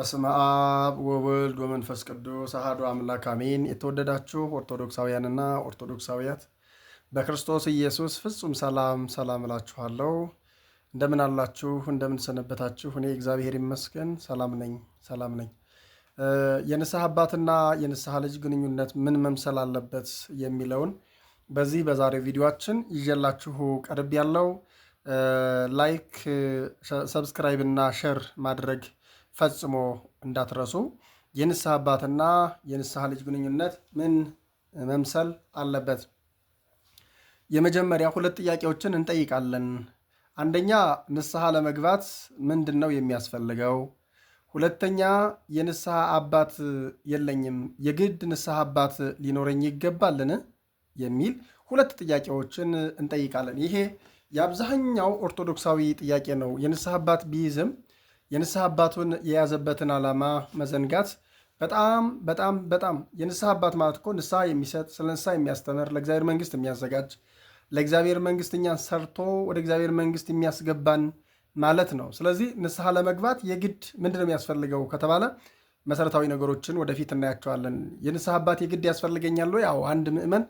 በስመ አብ ወወልድ ወመንፈስ ቅዱስ አሐዱ አምላክ አሜን። የተወደዳችሁ ኦርቶዶክሳውያንና ኦርቶዶክሳውያት በክርስቶስ ኢየሱስ ፍጹም ሰላም ሰላም እላችኋለሁ። እንደምን አላችሁ? እንደምን ሰነበታችሁ? እኔ እግዚአብሔር ይመስገን ሰላም ነኝ፣ ሰላም ነኝ። የንስሐ አባትና የንስሐ ልጅ ግንኙነት ምን መምሰል አለበት የሚለውን በዚህ በዛሬው ቪዲዮችን ይዤላችሁ ቀርብ ያለው ላይክ፣ ሰብስክራይብ እና ሼር ማድረግ ፈጽሞ እንዳትረሱ። የንስሐ አባትና የንስሐ ልጅ ግንኙነት ምን መምሰል አለበት? የመጀመሪያ ሁለት ጥያቄዎችን እንጠይቃለን። አንደኛ ንስሐ ለመግባት ምንድን ነው የሚያስፈልገው? ሁለተኛ የንስሐ አባት የለኝም፣ የግድ ንስሐ አባት ሊኖረኝ ይገባልን? የሚል ሁለት ጥያቄዎችን እንጠይቃለን። ይሄ የአብዛኛው ኦርቶዶክሳዊ ጥያቄ ነው። የንስሐ አባት ቢይዝም የንስሐ አባቱን የያዘበትን ዓላማ መዘንጋት በጣም በጣም በጣም የንስሐ አባት ማለት እኮ ንስሐ የሚሰጥ ስለ ንስሐ የሚያስተምር ለእግዚአብሔር መንግስት የሚያዘጋጅ ለእግዚአብሔር መንግስት እኛን ሰርቶ ወደ እግዚአብሔር መንግስት የሚያስገባን ማለት ነው። ስለዚህ ንስሐ ለመግባት የግድ ምንድን ነው የሚያስፈልገው ከተባለ መሰረታዊ ነገሮችን ወደፊት እናያቸዋለን። የንስሐ አባት የግድ ያስፈልገኛል ወይ? አዎ። አንድ ምእመን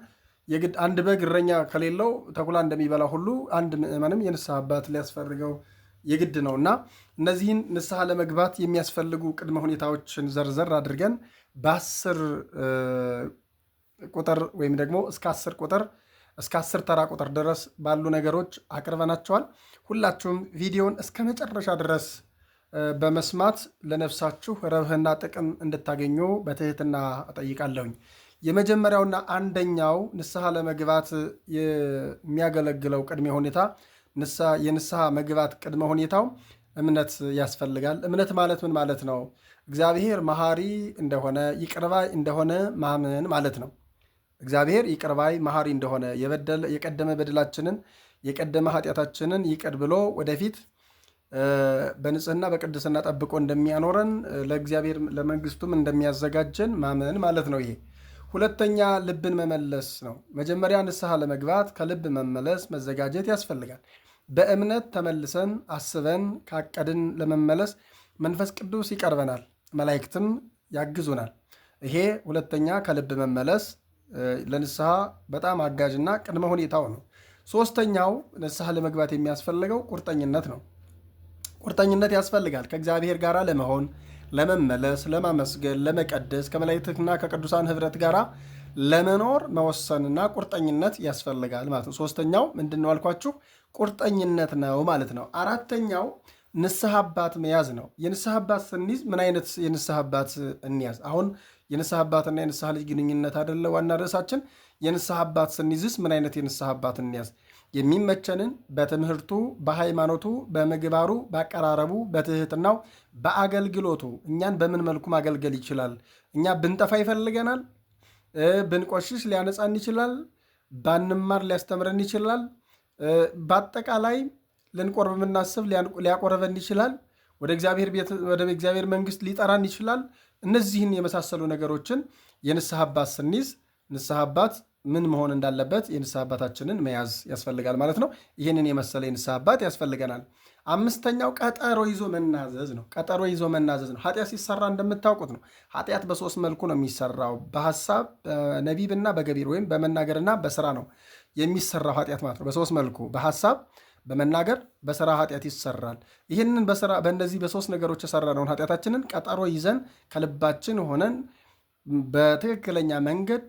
የግድ አንድ በግ እረኛ ከሌለው ተኩላ እንደሚበላ ሁሉ አንድ ምእመንም የንስሐ አባት ሊያስፈልገው የግድ ነው እና እነዚህን ንስሐ ለመግባት የሚያስፈልጉ ቅድመ ሁኔታዎችን ዘርዘር አድርገን በአስር ቁጥር ወይም ደግሞ እስከ አስር ቁጥር እስከ አስር ተራ ቁጥር ድረስ ባሉ ነገሮች አቅርበናቸዋል። ሁላችሁም ቪዲዮን እስከ መጨረሻ ድረስ በመስማት ለነፍሳችሁ ረብህና ጥቅም እንድታገኙ በትህትና እጠይቃለሁኝ። የመጀመሪያውና አንደኛው ንስሐ ለመግባት የሚያገለግለው ቅድሜ ሁኔታ የንስሐ መግባት ቅድመ ሁኔታው እምነት ያስፈልጋል። እምነት ማለት ምን ማለት ነው? እግዚአብሔር መሐሪ እንደሆነ ይቅርባይ እንደሆነ ማመን ማለት ነው። እግዚአብሔር ይቅርባይ መሐሪ እንደሆነ የቀደመ በደላችንን የቀደመ ኃጢአታችንን ይቅር ብሎ ወደፊት በንጽህና በቅድስና ጠብቆ እንደሚያኖረን ለእግዚአብሔር ለመንግስቱም እንደሚያዘጋጀን ማመን ማለት ነው ይሄ ሁለተኛ ልብን መመለስ ነው። መጀመሪያ ንስሐ ለመግባት ከልብ መመለስ መዘጋጀት ያስፈልጋል። በእምነት ተመልሰን አስበን ካቀድን ለመመለስ መንፈስ ቅዱስ ይቀርበናል፣ መላእክትም ያግዙናል። ይሄ ሁለተኛ ከልብ መመለስ ለንስሐ በጣም አጋዥና ቅድመ ሁኔታው ነው። ሶስተኛው ንስሐ ለመግባት የሚያስፈልገው ቁርጠኝነት ነው። ቁርጠኝነት ያስፈልጋል ከእግዚአብሔር ጋር ለመሆን ለመመለስ፣ ለማመስገን፣ ለመቀደስ ከመላእክትና ከቅዱሳን ህብረት ጋር ለመኖር መወሰንና ቁርጠኝነት ያስፈልጋል ማለት ነው። ሶስተኛው ምንድን ነው አልኳችሁ? ቁርጠኝነት ነው ማለት ነው። አራተኛው ንስሐ አባት መያዝ ነው። የንስሐ አባት ስንይዝ ምን አይነት የንስሐ አባት እንያዝ? አሁን የንስሐ አባትና የንስሐ ልጅ ግንኙነት አይደለ ዋና ርዕሳችን። የንስሐ አባት ስንይዝስ ምን አይነት የንስሐ አባት እንያዝ? የሚመቸንን በትምህርቱ፣ በሃይማኖቱ፣ በምግባሩ፣ በአቀራረቡ፣ በትህትናው፣ በአገልግሎቱ እኛን በምን መልኩ ማገልገል ይችላል? እኛ ብንጠፋ ይፈልገናል። ብንቆሽሽ ሊያነጻን ይችላል። ባንማር ሊያስተምረን ይችላል። በአጠቃላይ ልንቆርብ የምናስብ ሊያቆረበን ይችላል። ወደ እግዚአብሔር ቤት ወደ እግዚአብሔር ሊጠራን ይችላል። እነዚህን የመሳሰሉ ነገሮችን የንስሐ አባት ስንይዝ ንስሐ አባት ምን መሆን እንዳለበት የንስሐ አባታችንን መያዝ ያስፈልጋል ማለት ነው። ይህንን የመሰለ የንስሐ አባት ያስፈልገናል። አምስተኛው ቀጠሮ ይዞ መናዘዝ ነው። ቀጠሮ ይዞ መናዘዝ ነው። ኃጢአት ሲሰራ እንደምታውቁት ነው። ኃጢአት በሶስት መልኩ ነው የሚሰራው፣ በሀሳብ በነቢብና በገቢር ወይም በመናገርና በስራ ነው የሚሰራው ኃጢአት ማለት ነው። በሶስት መልኩ በሀሳብ በመናገር በስራ ኃጢአት ይሰራል። ይህንን በስራ በእነዚህ በሶስት ነገሮች የሰራነውን ኃጢአታችንን ቀጠሮ ይዘን ከልባችን ሆነን በትክክለኛ መንገድ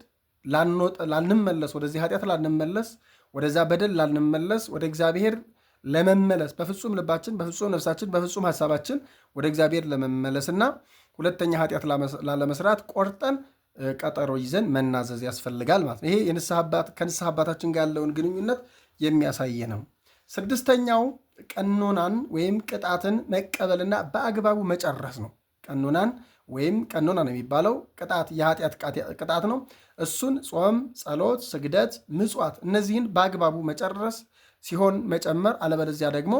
ላንመለስ፣ ወደዚህ ኃጢአት ላንመለስ፣ ወደዛ በደል ላንመለስ፣ ወደ እግዚአብሔር ለመመለስ በፍጹም ልባችን፣ በፍጹም ነፍሳችን፣ በፍጹም ሀሳባችን ወደ እግዚአብሔር ለመመለስና ሁለተኛ ኃጢአት ላለመስራት ቆርጠን ቀጠሮ ይዘን መናዘዝ ያስፈልጋል ማለት ነው። ይሄ ከንስሐ አባታችን ጋር ያለውን ግንኙነት የሚያሳይ ነው። ስድስተኛው ቀኖናን ወይም ቅጣትን መቀበልና በአግባቡ መጨረስ ነው። ቀኖናን ወይም ቀኖና ነው የሚባለው ቅጣት የኃጢአት ቅጣት ነው። እሱን ጾም፣ ጸሎት፣ ስግደት፣ ምጽዋት እነዚህን በአግባቡ መጨረስ ሲሆን መጨመር፣ አለበለዚያ ደግሞ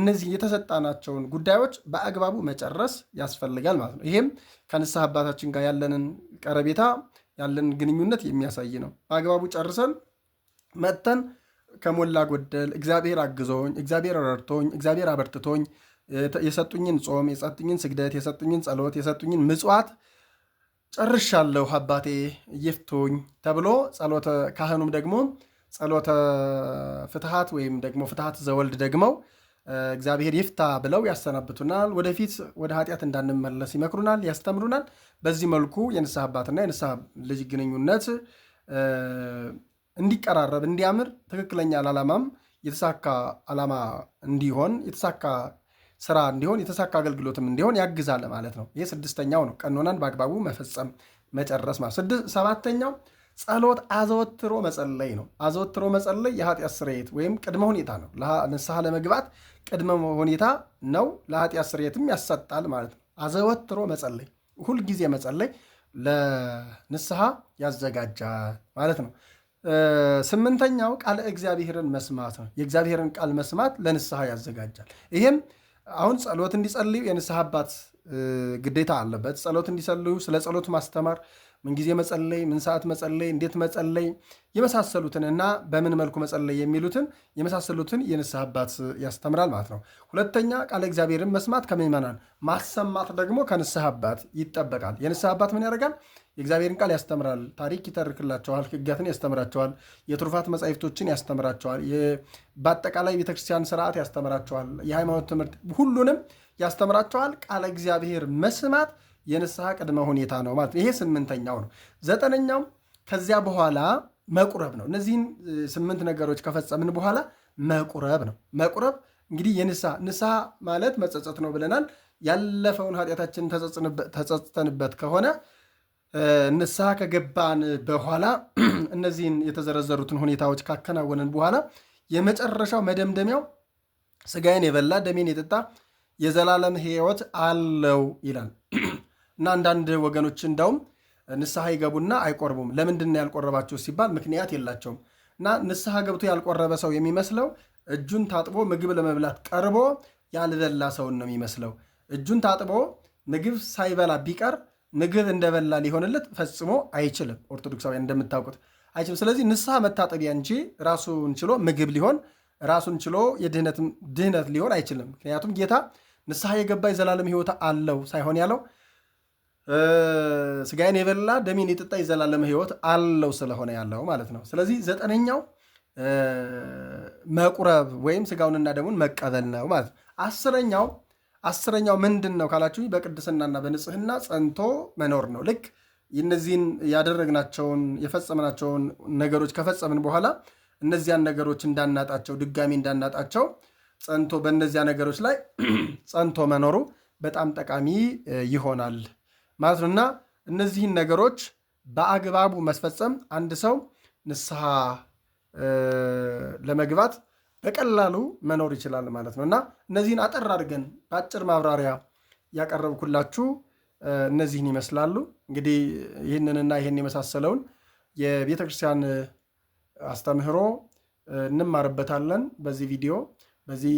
እነዚህ የተሰጣናቸውን ጉዳዮች በአግባቡ መጨረስ ያስፈልጋል ማለት ነው። ይሄም ከንስሐ አባታችን ጋር ያለንን ቀረቤታ ያለንን ግንኙነት የሚያሳይ ነው። በአግባቡ ጨርሰን መጥተን ከሞላ ጎደል እግዚአብሔር አግዞኝ፣ እግዚአብሔር ረድቶኝ፣ እግዚአብሔር አበርትቶኝ የሰጡኝን ጾም፣ የሰጡኝን ስግደት፣ የሰጡኝን ጸሎት፣ የሰጡኝን ምጽዋት ጨርሻለሁ አባቴ ይፍቱኝ ተብሎ ጸሎተ ካህኑም ደግሞ ጸሎተ ፍትሐት ወይም ደግሞ ፍትሐት ዘወልድ ደግመው እግዚአብሔር ይፍታ ብለው ያሰናብቱናል። ወደፊት ወደ ኃጢአት እንዳንመለስ ይመክሩናል፣ ያስተምሩናል። በዚህ መልኩ የንስሐ አባትና የንስሐ ልጅ ግንኙነት እንዲቀራረብ፣ እንዲያምር ትክክለኛ ዓላማም የተሳካ ዓላማ እንዲሆን የተሳካ ስራ እንዲሆን የተሳካ አገልግሎትም እንዲሆን ያግዛል ማለት ነው። ይህ ስድስተኛው ነው ቀኖናን በአግባቡ መፈጸም መጨረስ ማለት። ሰባተኛው ጸሎት አዘወትሮ መጸለይ ነው። አዘወትሮ መጸለይ የኃጢአት ስርየት ወይም ቅድመ ሁኔታ ነው። ንስሐ ለመግባት ቅድመ ሁኔታ ነው። ለኃጢአት ስርየትም ያሰጣል ማለት ነው። አዘወትሮ መጸለይ፣ ሁልጊዜ መጸለይ ለንስሐ ያዘጋጃል ማለት ነው። ስምንተኛው ቃለ እግዚአብሔርን መስማት ነው። የእግዚአብሔርን ቃል መስማት ለንስሐ ያዘጋጃል። ይህም አሁን ጸሎት እንዲጸልዩ የንስሐ አባት ግዴታ አለበት። ጸሎት እንዲጸልዩ ስለ ጸሎት ማስተማር፣ ምንጊዜ መጸለይ፣ ምን ሰዓት መጸለይ፣ እንዴት መጸለይ የመሳሰሉትን እና በምን መልኩ መጸለይ የሚሉትን የመሳሰሉትን የንስሐ አባት ያስተምራል ማለት ነው። ሁለተኛ ቃለ እግዚአብሔርን መስማት ከምዕመናን ማሰማት ደግሞ ከንስሐ አባት ይጠበቃል። የንስሐ አባት ምን ያደርጋል? የእግዚአብሔርን ቃል ያስተምራል፣ ታሪክ ይተርክላቸዋል፣ ሕግጋትን ያስተምራቸዋል፣ የትሩፋት መጻሕፍቶችን ያስተምራቸዋል፣ በአጠቃላይ ቤተክርስቲያን ስርዓት ያስተምራቸዋል፣ የሃይማኖት ትምህርት ሁሉንም ያስተምራቸዋል። ቃለ እግዚአብሔር መስማት የንስሐ ቅድመ ሁኔታ ነው ማለት ይሄ ስምንተኛው ነው። ዘጠነኛው ከዚያ በኋላ መቁረብ ነው። እነዚህን ስምንት ነገሮች ከፈጸምን በኋላ መቁረብ ነው። መቁረብ እንግዲህ የንስሐ ንስሐ ማለት መጸጸት ነው ብለናል። ያለፈውን ኃጢአታችንን ተጸጽተንበት ከሆነ ንስሐ ከገባን በኋላ እነዚህን የተዘረዘሩትን ሁኔታዎች ካከናወነን በኋላ የመጨረሻው መደምደሚያው ስጋዬን የበላ ደሜን የጠጣ የዘላለም ሕይወት አለው ይላል እና አንዳንድ ወገኖች እንዳውም ንስሐ ይገቡና አይቆርቡም። ለምንድን ያልቆረባቸው ሲባል ምክንያት የላቸውም። እና ንስሐ ገብቶ ያልቆረበ ሰው የሚመስለው እጁን ታጥቦ ምግብ ለመብላት ቀርቦ ያልበላ ሰውን ነው የሚመስለው። እጁን ታጥቦ ምግብ ሳይበላ ቢቀር ምግብ እንደበላ ሊሆንለት ፈጽሞ አይችልም። ኦርቶዶክሳውያን እንደምታውቁት አይችልም። ስለዚህ ንስሐ መታጠቢያ እንጂ ራሱን ችሎ ምግብ ሊሆን ራሱን ችሎ ድህነት ሊሆን አይችልም። ምክንያቱም ጌታ ንስሐ የገባ የዘላለም ሕይወት አለው ሳይሆን ያለው ስጋዬን የበላ ደሜን የጠጣ የዘላለም ሕይወት አለው ስለሆነ ያለው ማለት ነው። ስለዚህ ዘጠነኛው መቁረብ ወይም ስጋውንና ደሙን መቀበል ነው ማለት ነው። አስረኛው አስረኛው ምንድን ነው ካላችሁ በቅድስናና በንጽህና ጸንቶ መኖር ነው። ልክ እነዚህን ያደረግናቸውን የፈጸምናቸውን ነገሮች ከፈጸምን በኋላ እነዚያን ነገሮች እንዳናጣቸው ድጋሚ እንዳናጣቸው ጸንቶ በእነዚያ ነገሮች ላይ ጸንቶ መኖሩ በጣም ጠቃሚ ይሆናል ማለት ነውእና እነዚህን ነገሮች በአግባቡ መስፈጸም አንድ ሰው ንስሐ ለመግባት በቀላሉ መኖር ይችላል ማለት ነው እና እነዚህን አጠር አድርገን በአጭር ማብራሪያ ያቀረብኩላችሁ እነዚህን ይመስላሉ። እንግዲህ ይህንንና ይህን የመሳሰለውን የቤተክርስቲያን አስተምህሮ እንማርበታለን በዚህ ቪዲዮ በዚህ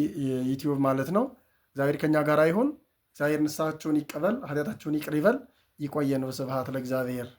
ዩቲዩብ ማለት ነው። እግዚአብሔር ከኛ ጋር ይሁን። እግዚአብሔር ንስሐችሁን ይቀበል፣ ኃጢአታችሁን ይቅር ይበል። ይቆየን። ስብሐት ለእግዚአብሔር።